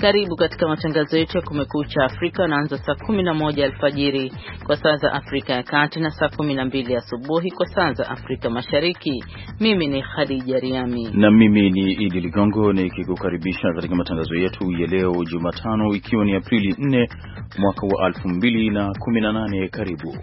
Karibu katika matangazo yetu ya kumekucha Afrika anaanza saa 11 alfajiri kwa saa za Afrika ya Kati na saa 12 asubuhi kwa saa za Afrika Mashariki. Mimi ni Khadija Riami na mimi ni Idi Ligongo nikikukaribisha katika matangazo yetu ya leo Jumatano, ikiwa ni Aprili 4 mwaka wa 2018. Karibu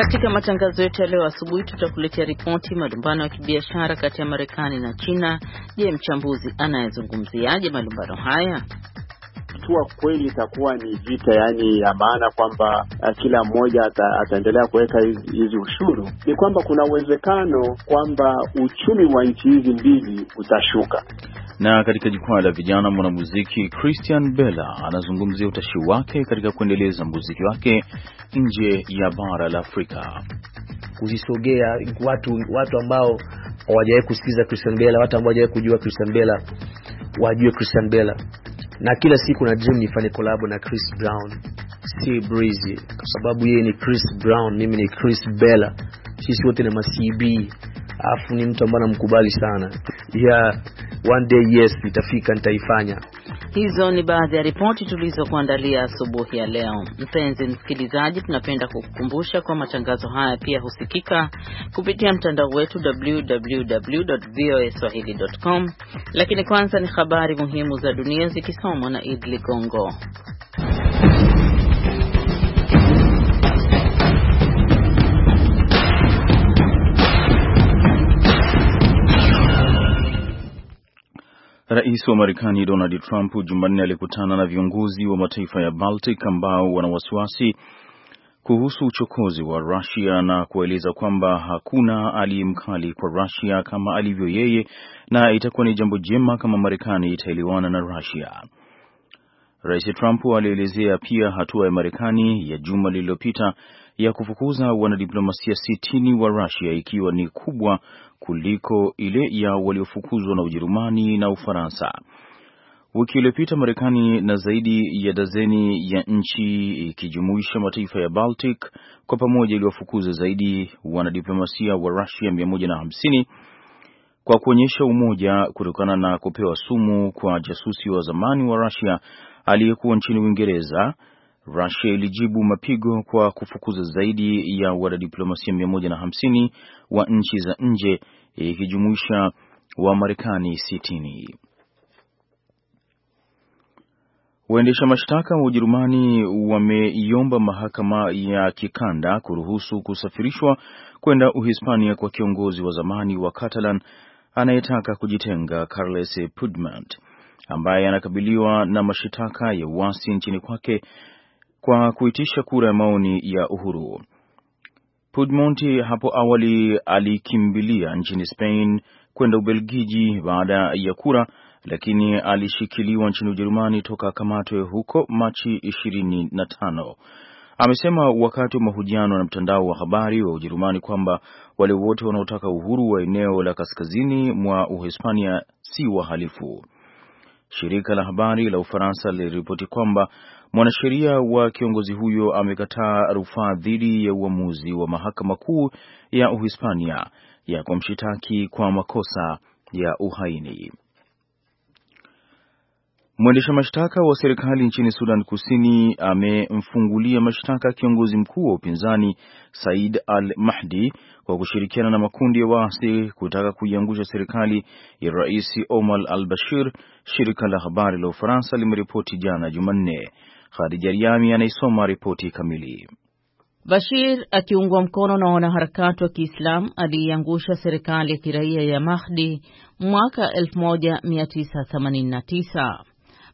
Katika matangazo yetu ya leo asubuhi tutakuletea ripoti malumbano ya kibiashara kati ya Marekani na China. Je, mchambuzi anayezungumziaje malumbano haya? Ikiwa kweli itakuwa ni vita, yaani ya maana kwamba eh, kila mmoja ata, ataendelea kuweka hizi ushuru, ni kwamba kuna uwezekano kwamba uchumi wa nchi hizi mbili utashuka. Na katika jukwaa la vijana, mwanamuziki Christian Bella anazungumzia utashi wake katika kuendeleza muziki wake nje ya bara la Afrika, kuzisogea watu watu ambao hawajawahi kusikiza Christian Bella, watu ambao hawajawahi kujua Christian Bella wajue Christian Bella, na kila siku na dream nifanye collab na Chris Brown, Sea breezy, kwa sababu yeye ni Chris Brown, mimi ni Chris Bella, sisi wote ni ma CB, afu ni mtu ambaye namkubali sana yeah one day yes, nitafika nitaifanya. Hizo ni baadhi ya ripoti tulizokuandalia asubuhi ya leo. Mpenzi msikilizaji, tunapenda kukukumbusha kwa matangazo haya pia husikika kupitia mtandao wetu www.voaswahili.com. Lakini kwanza ni habari muhimu za dunia zikisomwa na Idli Gongo. Rais wa Marekani Donald Trump Jumanne alikutana na viongozi wa mataifa ya Baltic ambao wana wasiwasi kuhusu uchokozi wa Rusia na kueleza kwamba hakuna aliye mkali kwa rasia kama alivyo yeye na itakuwa ni jambo jema kama Marekani itaelewana na Rusia. Rais Trump alielezea pia hatua ya Marekani ya juma lililopita ya kufukuza wanadiplomasia sitini wa rasia ikiwa ni kubwa kuliko ile ya waliofukuzwa na Ujerumani na Ufaransa. Wiki iliyopita Marekani na zaidi ya dazeni ya nchi ikijumuisha mataifa ya Baltic kwa pamoja iliwafukuza zaidi wanadiplomasia wa Russia 150 kwa kuonyesha umoja kutokana na kupewa sumu kwa jasusi wa zamani wa Russia aliyekuwa nchini Uingereza Russia ilijibu mapigo kwa kufukuza zaidi ya wanadiplomasia 150 wa nchi za nje ikijumuisha wa Marekani 60. Waendesha mashtaka wa Ujerumani wameiomba mahakama ya kikanda kuruhusu kusafirishwa kwenda Uhispania kwa kiongozi wa zamani wa Catalan anayetaka kujitenga Carles Puigdemont ambaye anakabiliwa na mashitaka ya uasi nchini kwake kwa kuitisha kura ya maoni ya uhuru. Pudmonti hapo awali alikimbilia nchini Spain kwenda Ubelgiji baada ya kura, lakini alishikiliwa nchini Ujerumani toka akamatwe huko Machi 25. Amesema wakati wa mahojiano na mtandao wa habari wa Ujerumani kwamba wale wote wanaotaka uhuru wa eneo la kaskazini mwa Uhispania si wahalifu. Shirika la habari la Ufaransa liliripoti kwamba Mwanasheria wa kiongozi huyo amekataa rufaa dhidi ya uamuzi wa mahakama kuu ya Uhispania ya kumshitaki kwa makosa ya uhaini. Mwendesha mashtaka wa serikali nchini Sudan Kusini amemfungulia mashtaka kiongozi mkuu wa upinzani Said al-Mahdi kwa kushirikiana na makundi ya waasi kutaka kuiangusha serikali ya Rais Omar al-Bashir, shirika la habari la Ufaransa limeripoti jana Jumanne. Khadija Riami anaisoma ripoti kamili. Bashir akiungwa mkono na wanaharakati wa Kiislamu aliiangusha serikali ya kiraia ya Mahdi mwaka 1989.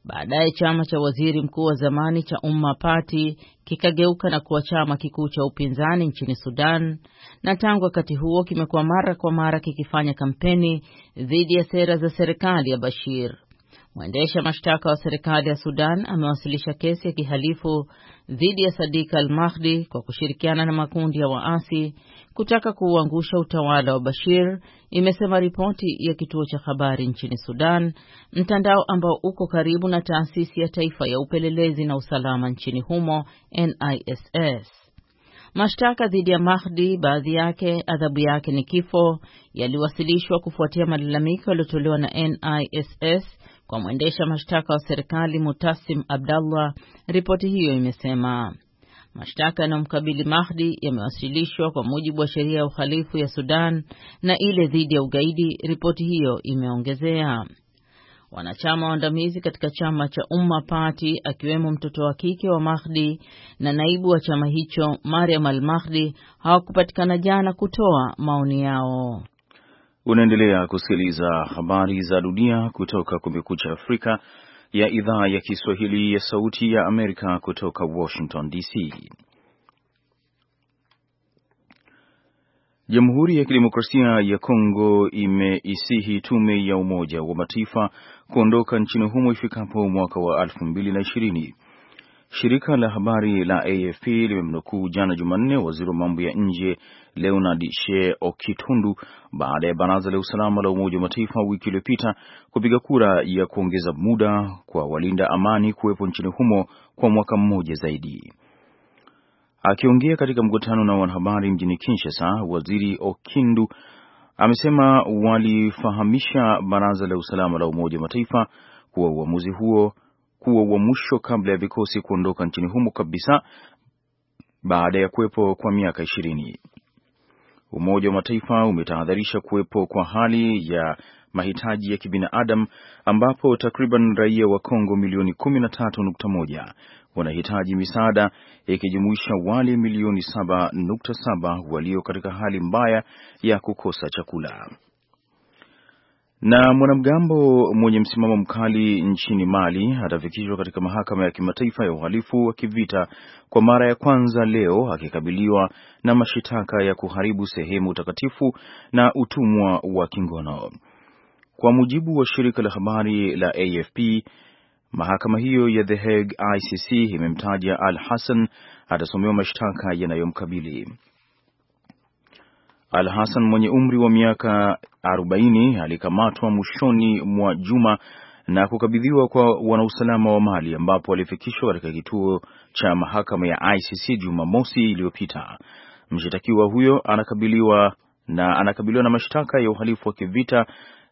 Baadaye chama cha waziri mkuu wa zamani cha Umma Party kikageuka na kuwa chama kikuu cha upinzani nchini Sudan, na tangu wakati huo kimekuwa mara kwa mara kikifanya kampeni dhidi ya sera za serikali ya Bashir. Mwendesha mashtaka wa serikali ya Sudan amewasilisha kesi ya kihalifu dhidi ya Sadik al-Mahdi kwa kushirikiana na makundi ya waasi kutaka kuuangusha utawala wa Bashir, imesema ripoti ya kituo cha habari nchini Sudan, mtandao ambao uko karibu na taasisi ya taifa ya upelelezi na usalama nchini humo NISS. Mashtaka dhidi ya Mahdi, baadhi yake adhabu yake ni kifo, yaliwasilishwa kufuatia malalamiko yaliyotolewa na NISS kwa mwendesha mashtaka wa serikali Mutasim Abdallah, ripoti hiyo imesema mashtaka yanayomkabili Mahdi yamewasilishwa kwa mujibu wa sheria ya uhalifu ya Sudan na ile dhidi ya ugaidi, ripoti hiyo imeongezea. Wanachama waandamizi katika chama cha Umma Party akiwemo mtoto wa kike wa Mahdi na naibu wa chama hicho Mariam al Mahdi hawakupatikana jana kutoa maoni yao. Unaendelea kusikiliza habari za dunia kutoka Kumekucha Afrika ya idhaa ya Kiswahili ya Sauti ya Amerika kutoka Washington DC. Jamhuri ya Kidemokrasia ya Kongo imeisihi tume ya Umoja wa Mataifa kuondoka nchini humo ifikapo mwaka wa 2020 Shirika la habari la AFP limemnukuu jana Jumanne waziri wa mambo ya nje Leonard She Okitundu baada ya baraza la usalama la Umoja wa Mataifa wiki iliyopita kupiga kura ya kuongeza muda kwa walinda amani kuwepo nchini humo kwa mwaka mmoja zaidi. Akiongea katika mkutano na wanahabari mjini Kinshasa, waziri Okindu amesema walifahamisha baraza la usalama la Umoja wa Mataifa kuwa uamuzi huo kuwa wa mwisho kabla ya vikosi kuondoka nchini humo kabisa baada ya kuwepo kwa miaka ishirini. Umoja wa Mataifa umetahadharisha kuwepo kwa hali ya mahitaji ya kibinadamu ambapo takriban raia wa Kongo milioni 13.1 wanahitaji misaada ikijumuisha wale milioni 7.7 walio katika hali mbaya ya kukosa chakula. Na mwanamgambo mwenye msimamo mkali nchini Mali atafikishwa katika mahakama ya kimataifa ya uhalifu wa kivita kwa mara ya kwanza leo akikabiliwa na mashitaka ya kuharibu sehemu takatifu na utumwa wa kingono. Kwa mujibu wa shirika la habari la AFP, mahakama hiyo ya The Hague ICC imemtaja Al Hassan atasomewa mashtaka yanayomkabili. Al Hassan mwenye umri wa miaka 40 alikamatwa mwishoni mwa juma na kukabidhiwa kwa wanausalama wa Mali ambapo alifikishwa katika kituo cha mahakama ya ICC Jumamosi iliyopita. mshitakiwa huyo anakabiliwa na anakabiliwa na mashtaka ya uhalifu wa kivita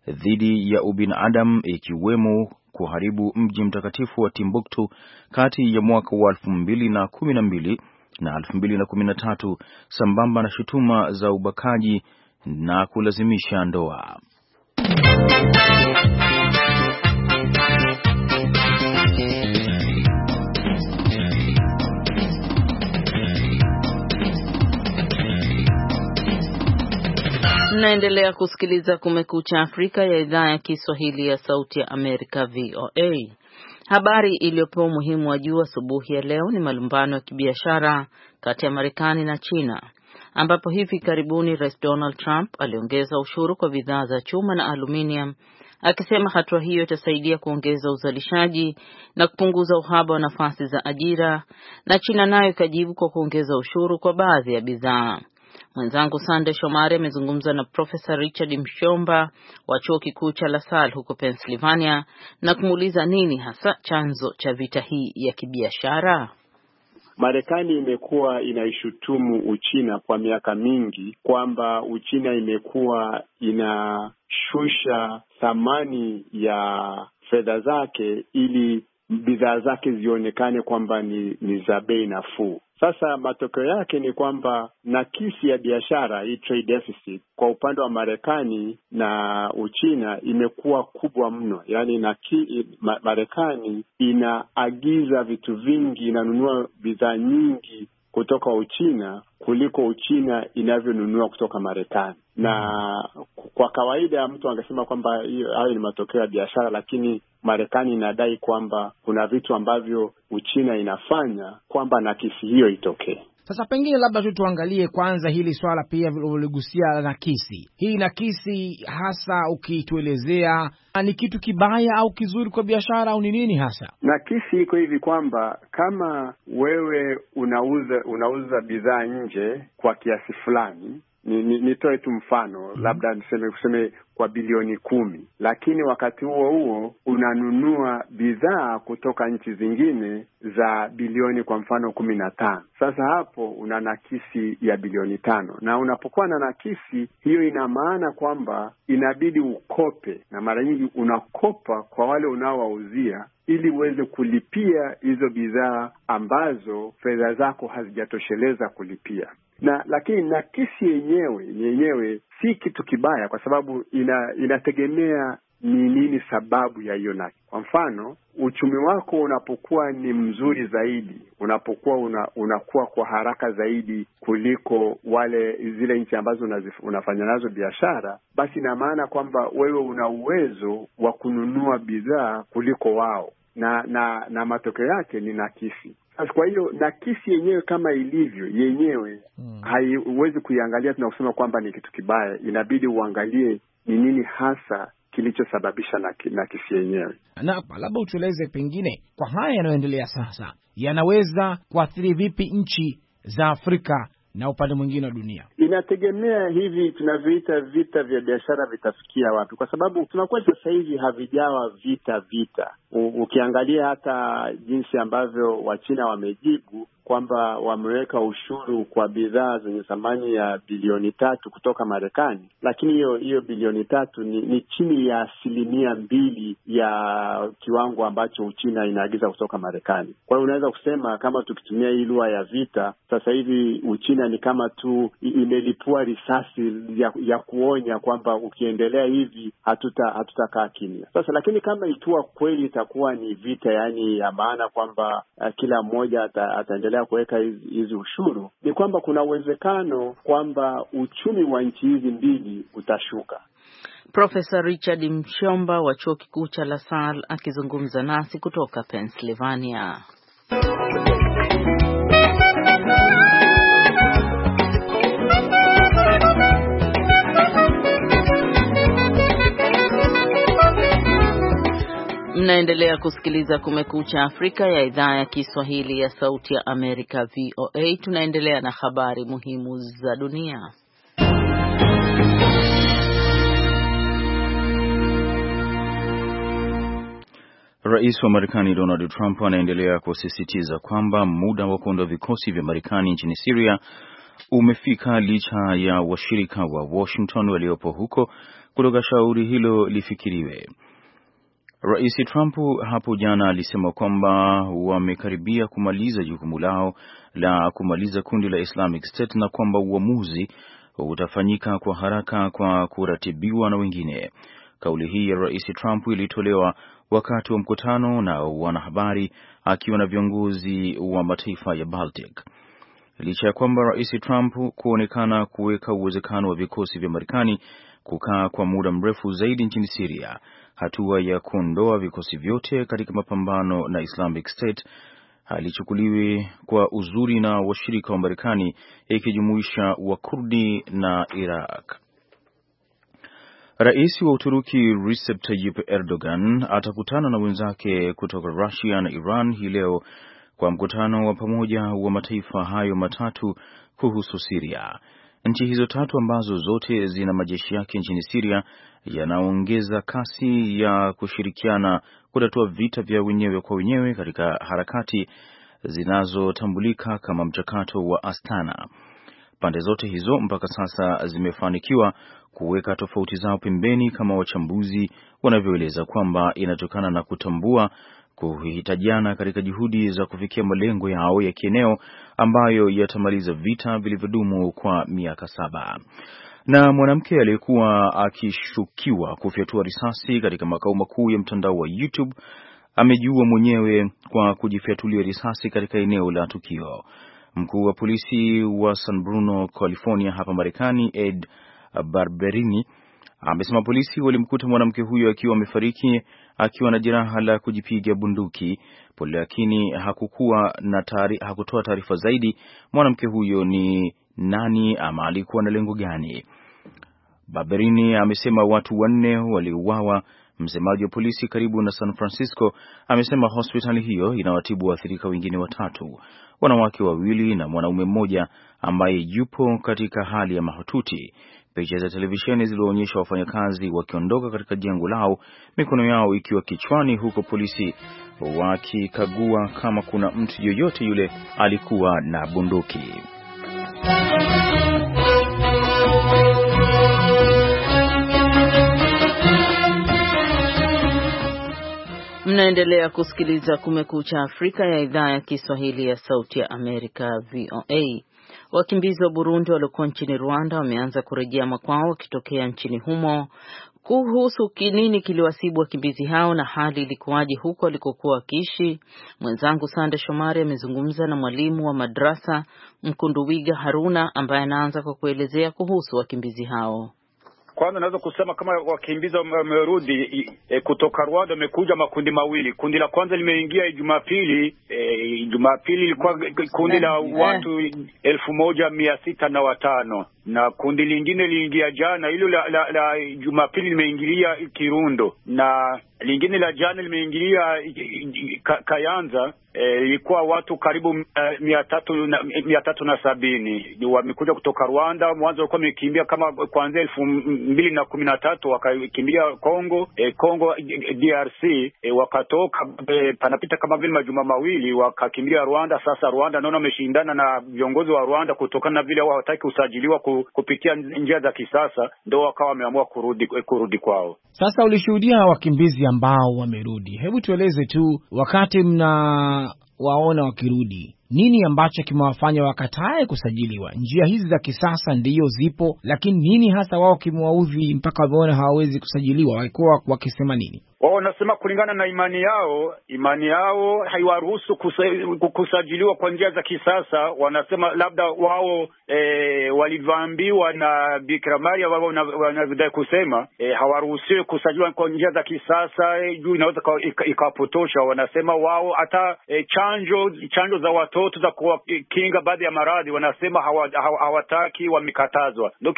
dhidi ya ubinadamu ikiwemo kuharibu mji mtakatifu wa Timbuktu kati ya mwaka wa elfu mbili na kumi na mbili na 2013 sambamba na shutuma za ubakaji na kulazimisha ndoa. Naendelea kusikiliza Kumekucha Afrika ya idhaa ya Kiswahili ya Sauti ya Amerika, VOA. Habari iliyopewa umuhimu wa juu asubuhi ya leo ni malumbano ya kibiashara kati ya Marekani na China ambapo hivi karibuni Rais Donald Trump aliongeza ushuru kwa bidhaa za chuma na aluminium akisema hatua hiyo itasaidia kuongeza uzalishaji na kupunguza uhaba wa nafasi za ajira, na China nayo ikajibu kwa kuongeza ushuru kwa baadhi ya bidhaa. Mwenzangu Sande Shomari amezungumza na Profesa Richard Mshomba wa Chuo Kikuu cha lasal huko Pennsylvania na kumuuliza nini hasa chanzo cha vita hii ya kibiashara. Marekani imekuwa inaishutumu Uchina kwa miaka mingi kwamba Uchina imekuwa inashusha thamani ya fedha zake ili bidhaa zake zionekane kwamba ni, ni za bei nafuu. Sasa matokeo yake ni kwamba nakisi ya biashara hii trade deficit kwa upande wa Marekani na Uchina imekuwa kubwa mno. Yaani ma, Marekani inaagiza vitu vingi, inanunua bidhaa nyingi kutoka Uchina kuliko Uchina inavyonunua kutoka Marekani. Na kwa kawaida mtu angesema kwamba hayo ni matokeo ya biashara, lakini Marekani inadai kwamba kuna vitu ambavyo Uchina inafanya kwamba nakisi hiyo itokee. Sasa pengine labda tu tuangalie kwanza hili swala pia viloligusia la nakisi. Hii nakisi hasa ukituelezea, ni kitu kibaya au kizuri kwa biashara au ni nini hasa nakisi? Iko hivi kwamba kama wewe unauza unauza bidhaa nje kwa kiasi fulani nitoe ni, ni tu mfano mm -hmm. labda niseme kuseme kwa bilioni kumi, lakini wakati huo huo unanunua bidhaa kutoka nchi zingine za bilioni kwa mfano kumi na tano. Sasa hapo una nakisi ya bilioni tano, na unapokuwa na nakisi hiyo, ina maana kwamba inabidi ukope, na mara nyingi unakopa kwa wale unaowauzia ili uweze kulipia hizo bidhaa ambazo fedha zako hazijatosheleza kulipia na lakini nakisi yenyewe yenyewe si kitu kibaya, kwa sababu ina, inategemea ni nini sababu ya hiyo naki Kwa mfano, uchumi wako unapokuwa ni mzuri zaidi, unapokuwa una, unakuwa kwa haraka zaidi kuliko wale zile nchi ambazo unazif, unafanya nazo biashara, basi ina maana kwamba wewe una uwezo wa kununua bidhaa kuliko wao na na na matokeo yake ni nakisi. Sasa kwa hiyo nakisi yenyewe kama ilivyo yenyewe hmm, haiwezi kuiangalia tuna kusema kwamba ni kitu kibaya. Inabidi uangalie ni nini hasa kilichosababisha nakisi yenyewe. Na labda utueleze pengine, kwa haya yanayoendelea sasa, yanaweza kuathiri vipi nchi za Afrika na upande mwingine wa dunia. Inategemea hivi tunavyoita vita vya biashara vitafikia wapi, kwa sababu tunakuwa sasa hivi havijawa vita vita. U, ukiangalia hata jinsi ambavyo Wachina wamejibu kwamba wameweka ushuru kwa bidhaa zenye thamani ya bilioni tatu kutoka Marekani, lakini hiyo hiyo bilioni tatu ni, ni chini ya asilimia mbili ya kiwango ambacho Uchina inaagiza kutoka Marekani. Kwa hiyo unaweza kusema kama tukitumia hii lugha ya vita, sasa hivi Uchina ni kama tu imelipua risasi ya, ya kuonya kwamba ukiendelea hivi hatuta hatutakaa kimya sasa. Lakini kama ikiwa kweli itakuwa ni vita, yaani ya maana kwamba eh, kila mmoja ataendelea kuendelea kuweka hizi ushuru ni kwamba kuna uwezekano kwamba uchumi wa nchi hizi mbili utashuka. Profesa Richard Mshomba wa Chuo Kikuu cha LaSalle akizungumza nasi kutoka Pennsylvania. Mnaendelea kusikiliza Kumekucha Afrika ya idhaa ya Kiswahili ya Sauti ya Amerika, VOA. Tunaendelea na habari muhimu za dunia. Rais wa Marekani Donald Trump anaendelea kusisitiza kwamba muda wa kuondoa vikosi vya Marekani nchini Siria umefika licha ya washirika wa Washington waliopo huko kutoka shauri hilo lifikiriwe. Rais Trump hapo jana alisema kwamba wamekaribia kumaliza jukumu lao la kumaliza kundi la Islamic State na kwamba uamuzi utafanyika kwa haraka kwa kuratibiwa na wengine. Kauli hii ya Rais Trump ilitolewa wakati wa mkutano na wanahabari akiwa na viongozi wa mataifa ya Baltic. Licha ya kwamba Rais Trump kuonekana kuweka uwezekano wa vikosi vya Marekani kukaa kwa muda mrefu zaidi nchini Siria, hatua ya kuondoa vikosi vyote katika mapambano na Islamic State alichukuliwi kwa uzuri na washirika wa Marekani ikijumuisha Wakurdi na Iraq. Rais wa Uturuki Recep Tayyip Erdogan atakutana na wenzake kutoka Rusia na Iran hii leo kwa mkutano wa pamoja wa mataifa hayo matatu kuhusu Siria. Nchi hizo tatu ambazo zote zina majeshi yake nchini Siria yanaongeza kasi ya kushirikiana kutatua vita vya wenyewe kwa wenyewe katika harakati zinazotambulika kama mchakato wa Astana. Pande zote hizo mpaka sasa zimefanikiwa kuweka tofauti zao pembeni, kama wachambuzi wanavyoeleza kwamba inatokana na kutambua kuhitajiana katika juhudi za kufikia malengo yao ya kieneo ambayo yatamaliza vita vilivyodumu kwa miaka saba. Na mwanamke aliyekuwa akishukiwa kufyatua risasi katika makao makuu ya mtandao wa YouTube amejiua mwenyewe kwa kujifyatulia risasi katika eneo la tukio. Mkuu wa polisi wa San Bruno, California hapa Marekani, Ed Barberini amesema polisi walimkuta mwanamke huyo akiwa amefariki akiwa na jeraha la kujipiga bunduki, lakini hakukuwa na tari, hakutoa taarifa zaidi mwanamke huyo ni nani ama alikuwa na lengo gani. baberini amesema watu wanne waliuawa. Msemaji wa polisi karibu na San Francisco amesema hospitali hiyo inawatibu waathirika wengine watatu, wanawake wawili na mwanaume mmoja ambaye yupo katika hali ya mahututi. Picha za televisheni zilionyesha wafanyakazi wakiondoka katika jengo lao, mikono yao ikiwa kichwani, huko polisi wakikagua kama kuna mtu yoyote yule alikuwa na bunduki. Mnaendelea kusikiliza Kumekucha Afrika ya idhaa ya Kiswahili ya Sauti ya Amerika, VOA. Wakimbizi wa Burundi waliokuwa nchini Rwanda wameanza kurejea makwao wakitokea nchini humo. Kuhusu kinini kiliwasibu wakimbizi hao na hali ilikuwaje huko walikokuwa wakiishi, mwenzangu Sande Shomari amezungumza na mwalimu wa madrasa Mkunduwiga Haruna ambaye anaanza kwa kuelezea kuhusu wakimbizi hao. Kwanza naweza kusema kama wakimbizi wamerudi e, kutoka Rwanda wamekuja makundi mawili. Kundi la kwanza limeingia Jumapili e, Jumapili ilikuwa kundi la watu eh. elfu moja mia sita na watano na kundi lingine liliingia jana, hilo la, la, la Jumapili limeingilia Kirundo na lingine la jana limeingilia Kayanza. Eh, ilikuwa e, watu karibu uh, mia tatu na, mia tatu na sabini wamekuja kutoka Rwanda. Mwanzo walikuwa wamekimbia kama kuanzia elfu mbili na kumi na tatu wakakimbia Kongo e, Kongo DRC e, wakatoka e, panapita kama vile majuma mawili wakakimbia Rwanda. Sasa Rwanda naona wameshindana na viongozi wa Rwanda kutokana na vile hawataki kusajiliwa ku kupitia njia za kisasa ndo wakawa wameamua kurudi kurudi kwao. Sasa ulishuhudia wakimbizi ambao wamerudi, hebu tueleze tu, wakati mna waona wakirudi, nini ambacho kimewafanya wakatae kusajiliwa? Njia hizi za kisasa ndiyo zipo, lakini nini hasa wao kimewaudhi mpaka wameona hawawezi kusajiliwa? Walikuwa wakisema nini? wao wanasema kulingana na imani yao, imani yao haiwaruhusu kusajiliwa kwa njia za kisasa. Wanasema labda wao e, walivyoambiwa na Bikira Maria wao wanavyodai kusema e, hawaruhusiwi kusajiliwa kwa njia za kisasa e, juu inaweza ikawapotosha. Wanasema wao hata e, chanjo chanjo za watoto za kuwakinga baadhi ya maradhi wanasema hawataki, hawa, hawa wamekatazwa. Ndio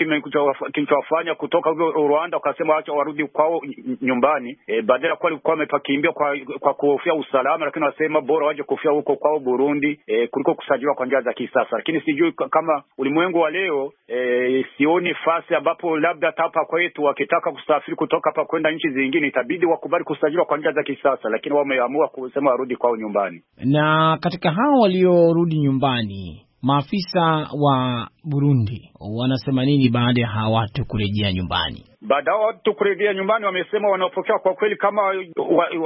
kinachowafanya kutoka hivyo Rwanda wakasema wacha warudi kwao nyumbani e, badala kwa walikuwa wamepakimbia kwa, kwa kuhofia usalama, lakini wanasema bora waje kufia huko kwao Burundi e, kuliko kusajiliwa kwa njia za kisasa. Lakini sijui kama ulimwengu wa leo e, sioni fasi ambapo labda hata hapa kwetu wakitaka kusafiri kutoka hapa kwenda nchi zingine itabidi wakubali kusajiliwa kwa njia za kisasa, lakini wameamua kusema warudi kwao nyumbani. Na katika hao waliorudi nyumbani maafisa wa Burundi wanasema nini baada ya hawa watu kurejea nyumbani? baadaye watu kurejea nyumbani, wamesema wanaopokea kwa kweli kama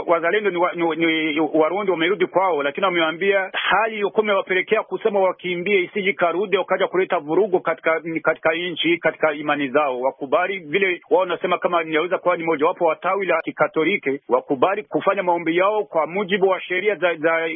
wazalendo wa, wa ni, wa, ni Warundi wamerudi kwao, lakini wamewaambia hali iliyokuwa imewapelekea kusema wakimbie isiji karudi wakaja kuleta vurugu katika katika nchi katika imani zao. Wakubali vile wao wanasema kama inaweza kuwa ni mojawapo wa tawi la Kikatoliki, wakubali kufanya maombi yao kwa mujibu wa sheria za, za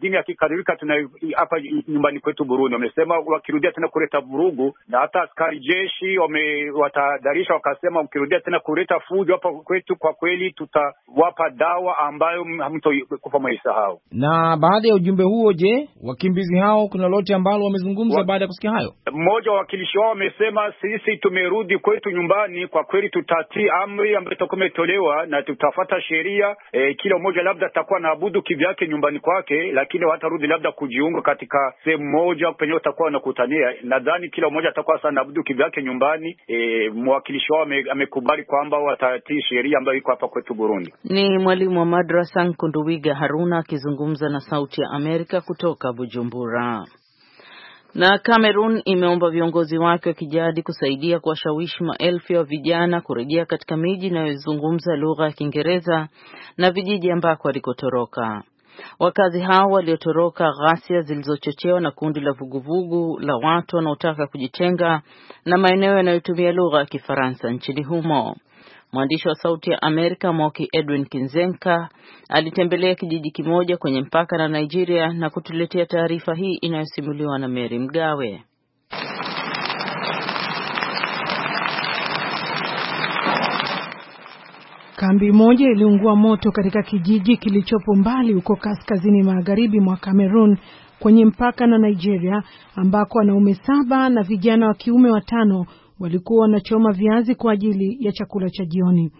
dini ya Kikatoliki tuna hapa nyumbani kwetu Burundi. Wamesema wakirudia tena kuleta vurugu, na hata askari jeshi wametahadharisha wakasema ukirudia tena kuleta fujo hapa kwetu, kwa kweli tutawapa dawa ambayo hamtokufa mwaisahau. Na baada ya ujumbe huo, je, wakimbizi hao kuna lote ambalo wamezungumza wa... baada ya kusikia hayo? Mmoja wa wawakilishi wao wamesema, sisi tumerudi kwetu nyumbani, kwa kweli tutatii amri ambayo itakuwa imetolewa na tutafata sheria. E, kila mmoja labda atakuwa naabudu kivyake nyumbani kwake, lakini watarudi labda kujiunga katika sehemu moja penye watakuwa wanakutania. Nadhani kila mmoja atakuwa sana abudu kivyake nyumbani. E, mwakilishi wao ame wamekubali kwamba watatii sheria ambayo iko hapa kwetu Burundi. Ni mwalimu wa madrasa Nkunduwiga Haruna akizungumza na Sauti ya Amerika kutoka Bujumbura. Na Cameroon imeomba viongozi wake wa kijadi kusaidia kuwashawishi maelfu ya vijana kurejea katika miji inayozungumza lugha ya Kiingereza na vijiji ambako walikotoroka. Wakazi hao waliotoroka ghasia zilizochochewa na kundi la vuguvugu la watu wanaotaka kujitenga na maeneo yanayotumia lugha ya Kifaransa nchini humo. Mwandishi wa Sauti ya Amerika Moki Edwin Kinzenka alitembelea kijiji kimoja kwenye mpaka na Nigeria na kutuletea taarifa hii inayosimuliwa na Mary Mgawe. Kambi moja iliungua moto katika kijiji kilichopo mbali huko kaskazini magharibi mwa Kamerun kwenye mpaka na Nigeria, ambako wanaume saba na vijana wa kiume watano walikuwa wanachoma viazi kwa ajili ya chakula cha jioni.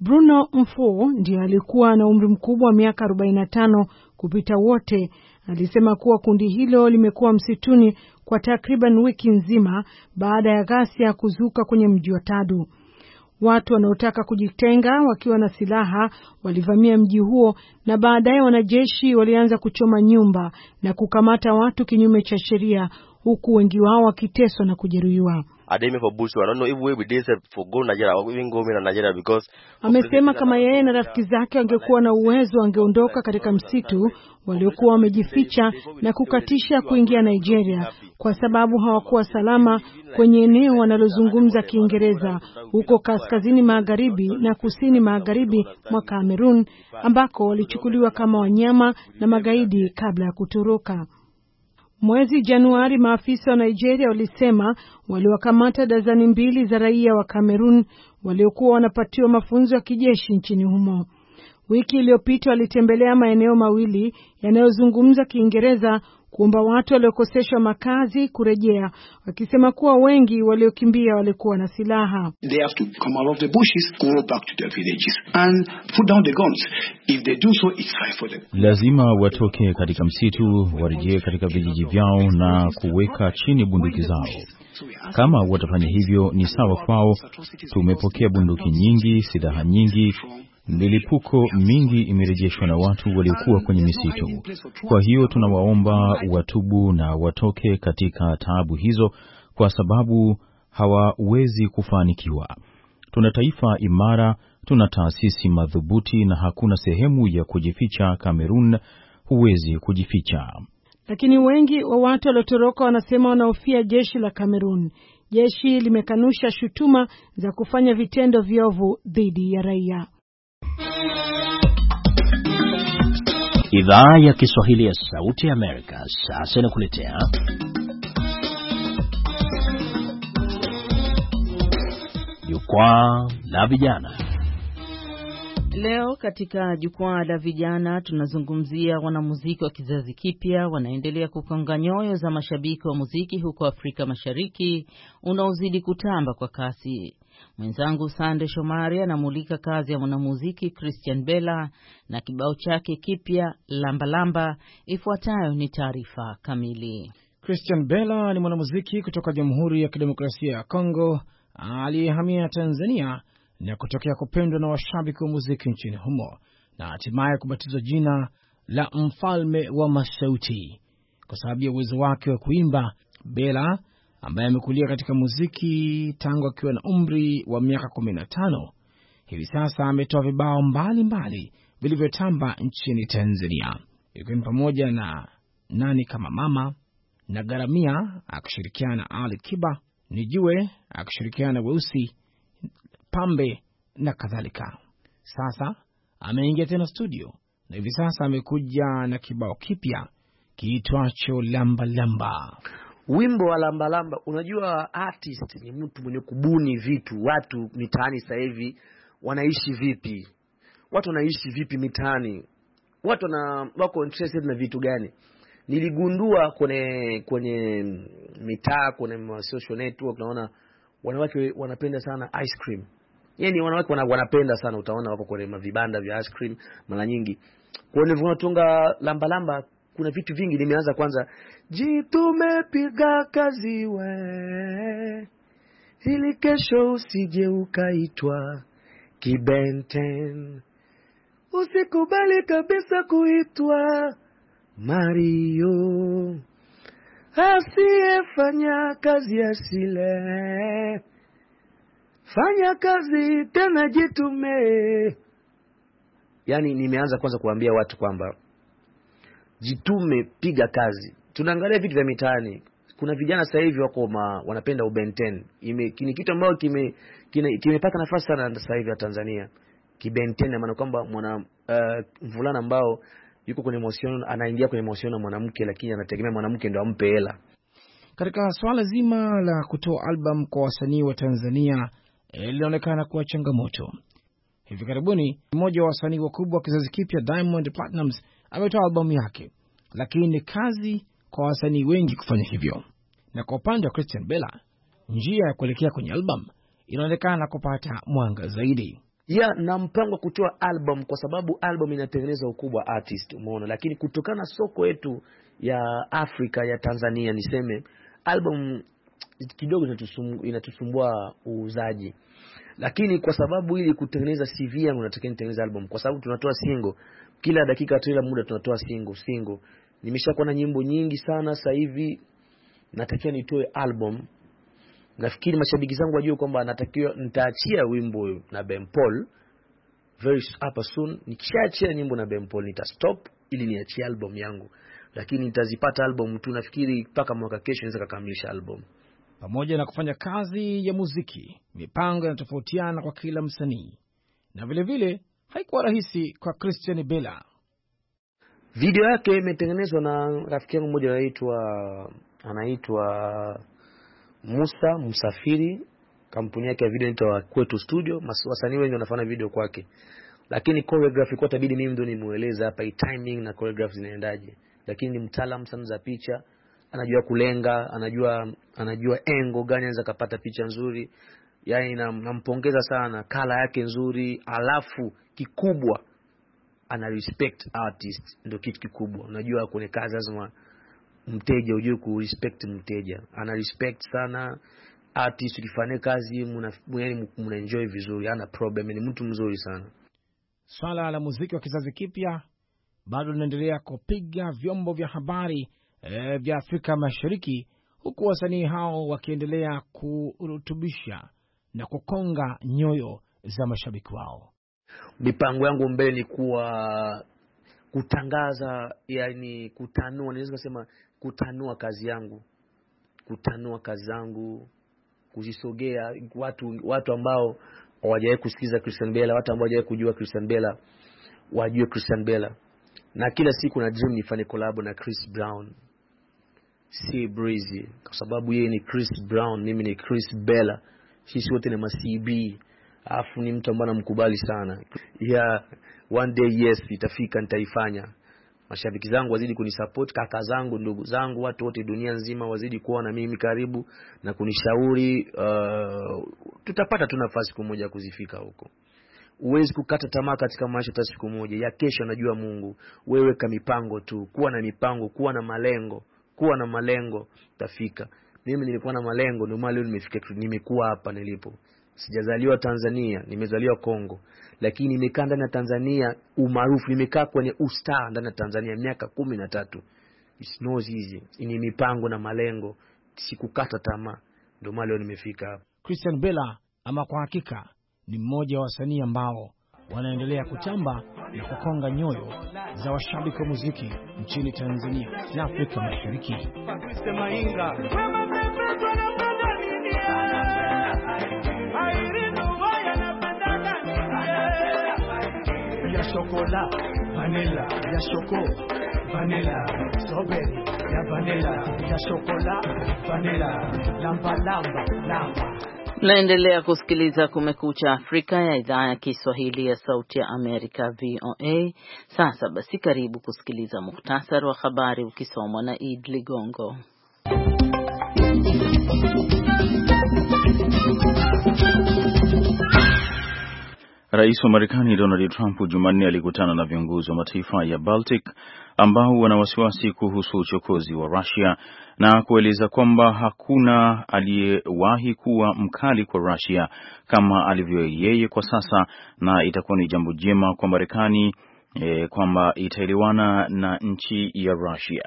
Bruno Mfo ndiye alikuwa na umri mkubwa wa miaka 45 kupita wote. Alisema kuwa kundi hilo limekuwa msituni kwa takriban wiki nzima baada ya ghasia kuzuka kwenye mji wa Tadu. Watu wanaotaka kujitenga wakiwa na silaha walivamia mji huo na baadaye wanajeshi walianza kuchoma nyumba na kukamata watu kinyume cha sheria, huku wengi wao wakiteswa na kujeruhiwa. Ademi for bush wa nono ibu if we for go Nigeria wa even go Nigeria because amesema kama yeye na rafiki zake angekuwa na uwezo angeondoka katika msitu waliokuwa wamejificha na kukatisha kuingia Nigeria kwa sababu hawakuwa salama kwenye eneo wanalozungumza Kiingereza huko kaskazini magharibi na kusini magharibi mwa Kamerun ambako walichukuliwa kama wanyama na magaidi kabla ya kutoroka. Mwezi Januari, maafisa wa Nigeria walisema waliwakamata dazani mbili za raia wa Kamerun waliokuwa wanapatiwa mafunzo ya kijeshi nchini humo. Wiki iliyopita walitembelea maeneo mawili yanayozungumza Kiingereza kuomba watu waliokoseshwa makazi kurejea, wakisema kuwa wengi waliokimbia walikuwa na silaha. Lazima watoke katika msitu, warejee katika vijiji vyao na kuweka chini bunduki zao. Kama watafanya hivyo, ni sawa kwao. Tumepokea bunduki nyingi, silaha nyingi Milipuko mingi imerejeshwa na watu waliokuwa um, kwenye misitu. Kwa hiyo tunawaomba watubu na watoke katika taabu hizo, kwa sababu hawawezi kufanikiwa. Tuna taifa imara, tuna taasisi madhubuti na hakuna sehemu ya kujificha. Kamerun huwezi kujificha. Lakini wengi wa watu waliotoroka wanasema wanaofia jeshi la Kamerun. Jeshi limekanusha shutuma za kufanya vitendo viovu dhidi ya raia. Idhaa ya Kiswahili ya Sauti ya Amerika sasa inakuletea Jukwaa la Vijana. Leo katika Jukwaa la Vijana tunazungumzia wanamuziki wa kizazi kipya wanaendelea kukonga nyoyo za mashabiki wa muziki huko Afrika Mashariki unaozidi kutamba kwa kasi. Mwenzangu Sande Shomari anamulika kazi ya mwanamuziki Christian Bella na kibao chake kipya Lambalamba. Ifuatayo ni taarifa kamili. Christian Bella ni mwanamuziki kutoka Jamhuri ya Kidemokrasia ya Kongo aliyehamia Tanzania na kutokea kupendwa na washabiki wa muziki nchini humo na hatimaye kubatizwa jina la mfalme wa masauti kwa sababu ya uwezo wake wa kuimba. Bela ambaye amekulia katika muziki tangu akiwa na umri wa miaka 15, hivi sasa ametoa vibao mbalimbali vilivyotamba nchini Tanzania, ikiwa ni pamoja na nani kama mama na Garamia akishirikiana na Ali Kiba, Nijue akishirikiana na Weusi Pambe na kadhalika. Sasa ameingia tena studio na hivi sasa amekuja na kibao kipya kiitwacho lambalamba Lamba wimbo wa lambalamba Unajua, artist ni mtu mwenye kubuni vitu. Watu mitaani sasa hivi wanaishi vipi? Watu wanaishi vipi mitaani? Watu wana wako interested na vitu gani? Niligundua kwenye kwenye mitaa, kwenye social network, naona wanawake wanapenda sana ice cream. Yani wanawake wanapenda sana, utaona wako kwenye vibanda vya ice cream mara nyingi. Kwa hivyo tunatunga lambalamba kuna vitu vingi nimeanza kwanza, jitumepiga kazi we ili kesho usije ukaitwa kibenten, usikubali kabisa kuitwa Mario, asiyefanya kazi asile. Fanya kazi tena, jitume. Yani nimeanza kwanza kuambia watu kwamba jitume, piga kazi. Tunaangalia vitu vya mitaani. Kuna vijana sasa hivi wako ma, wanapenda ubenten. Ni kitu ambacho kimepata kime, nafasi sana sasa hivi ya Tanzania kibenten, maana kwamba mwana uh, mvulana ambao yuko kwenye mahusiano anaingia kwenye mahusiano na mwanamke, lakini anategemea mwanamke ndio ampe hela. Katika swala zima la kutoa album kwa wasanii wa Tanzania eh, linaonekana kuwa changamoto. Hivi karibuni mmoja wa wasanii wakubwa wa kizazi kipya Diamond Platnumz ametoa albamu yake, lakini ni kazi kwa wasanii wengi kufanya hivyo. Na kwa upande wa Christian Bella, njia ya kuelekea kwenye albamu inaonekana kupata mwanga zaidi ya na mpango wa kutoa album kwa sababu album inatengeneza ukubwa artist, umeona. Lakini kutokana na soko yetu ya Afrika ya Tanzania, niseme album kidogo inatusumbua uuzaji, lakini kwa sababu ili kutengeneza CV yangu natakiwa nitengeneze album, kwa sababu tunatoa single kila dakika tila muda tunatoa single single. Nimeshakuwa na nyimbo nyingi sana sasa hivi natakiwa nitoe album. Nafikiri mashabiki zangu wajue kwamba natakiwa nitaachia wimbo na Ben Paul very hapa soon. Nikishaachia nyimbo na Ben Paul nita stop ili niachie album yangu, lakini nitazipata album tu, nafikiri mpaka mwaka kesho naweza kukamilisha album. Pamoja na kufanya kazi ya muziki, mipango inatofautiana kwa kila msanii na vilevile vile, haikuwa rahisi kwa Christian Bella. Video yake imetengenezwa na rafiki yangu mmoja anaitwa anaitwa Musa Msafiri, kampuni yake ya video inaitwa Kwetu Studio. Wasanii wengi wanafanya video kwake, lakini choreography kwa tabidi mimi ndio nimueleza hapa i timing na choreography zinaendaje, lakini ni mtaalamu sana za picha, anajua kulenga, anajua anajua engo gani anaweza kapata picha nzuri. Yaani nampongeza sana, kala yake nzuri, alafu kikubwa ana respect artist, ndio kitu kikubwa. Unajua kwenye kazi lazima mteja ujue ku respect mteja, ana respect sana artist. Ukifanya kazi mna enjoy vizuri, ana problem, ni mtu mzuri sana. Swala la muziki wa kizazi kipya bado linaendelea kupiga vyombo vya habari e, vya Afrika Mashariki, huku wasanii hao wakiendelea kurutubisha na kukonga nyoyo za mashabiki wao. Mipango yangu mbele ni kuwa kutangaza, yani kutanua, naweza kusema kutanua kazi yangu, kutanua kazi zangu, kuzisogea watu, watu ambao hawajawahi kusikiza Christian Bella, watu ambao hawajawahi kujua Christian Bella wajue Christian Bella, na kila siku na dream nifanye collab na Chris Brown, si Breezy, kwa sababu yeye ni Chris Brown, mimi ni Chris Bella, sisi wote ni masibii Alafu ni mtu ambaye namkubali sana yeah, one day yes, itafika nitaifanya. Mashabiki zangu wazidi kunisupport, kaka zangu, ndugu zangu, watu wote dunia nzima wazidi kuwa na mimi karibu na kunishauri. Uh, tutapata tu nafasi siku moja kuzifika huko. Huwezi kukata tamaa katika maisha ta siku moja. Ya kesho anajua Mungu. Wewe ka mipango tu, kuwa na mipango, kuwa na malengo, kuwa na malengo, tafika Mimi nilikuwa na malengo, ndio maana leo nimefika, nimekuwa hapa nilipo. Sijazaliwa Tanzania, nimezaliwa Kongo, lakini nimekaa ndani ya Tanzania umaarufu, nimekaa kwenye ustaa ndani ya Tanzania miaka kumi na tatu. Hizi ni mipango na malengo, sikukata tamaa, ndio maana leo nimefika hapa. Christian Bella ama kwa hakika ni mmoja wa wasanii ambao wanaendelea kutamba na kukonga nyoyo za washabiki wa muziki nchini Tanzania na Afrika Mashariki. chocolat, vanilla, ya choco, vanilla, strawberry, ya vanilla, ya chocolat, vanilla, lamba lamba, lamba. Naendelea kusikiliza Kumekucha Afrika ya idhaa ya Kiswahili ya Sauti ya Amerika, VOA. Sasa basi, karibu kusikiliza muhtasari wa habari ukisomwa na Id Ligongo. Rais wa Marekani Donald Trump Jumanne alikutana na viongozi wa mataifa ya Baltic ambao wana wasiwasi kuhusu uchokozi wa Rusia na kueleza kwamba hakuna aliyewahi kuwa mkali kwa Rusia kama alivyo yeye kwa sasa na itakuwa ni jambo jema kwa Marekani e, kwamba itaelewana na nchi ya Rusia.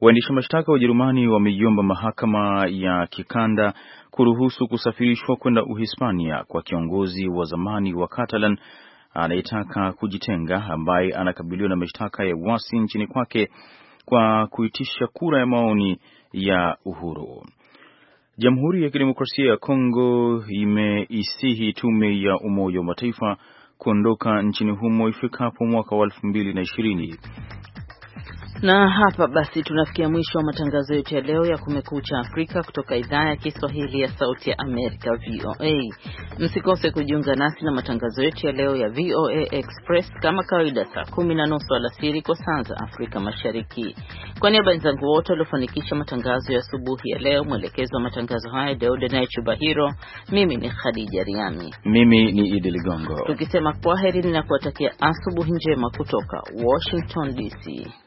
Waendesha mashtaka wa Ujerumani wameiomba mahakama ya kikanda kuruhusu kusafirishwa kwenda Uhispania kwa kiongozi wa zamani wa Catalan anayetaka kujitenga ambaye anakabiliwa na mashtaka ya uasi nchini kwake kwa kuitisha kura ya maoni ya uhuru. Jamhuri ya Kidemokrasia ya Kongo imeisihi tume ya Umoja wa Mataifa kuondoka nchini humo ifikapo mwaka wa elfu mbili na ishirini na hapa basi tunafikia mwisho wa matangazo yetu ya leo ya Kumekucha Afrika kutoka idhaa ya Kiswahili ya Sauti ya Amerika, VOA. Msikose kujiunga nasi na matangazo yetu ya leo ya VOA Express kama kawaida, saa kumi na nusu alasiri kwa saa za Afrika Mashariki. Kwa niaba wenzangu wote waliofanikisha matangazo ya asubuhi ya leo, mwelekezo wa matangazo haya deude naye Chubahiro, mimi ni Khadija Riami, mimi ni Idi Ligongo, tukisema kwaheri na kuwatakia asubuhi njema kutoka Washington DC.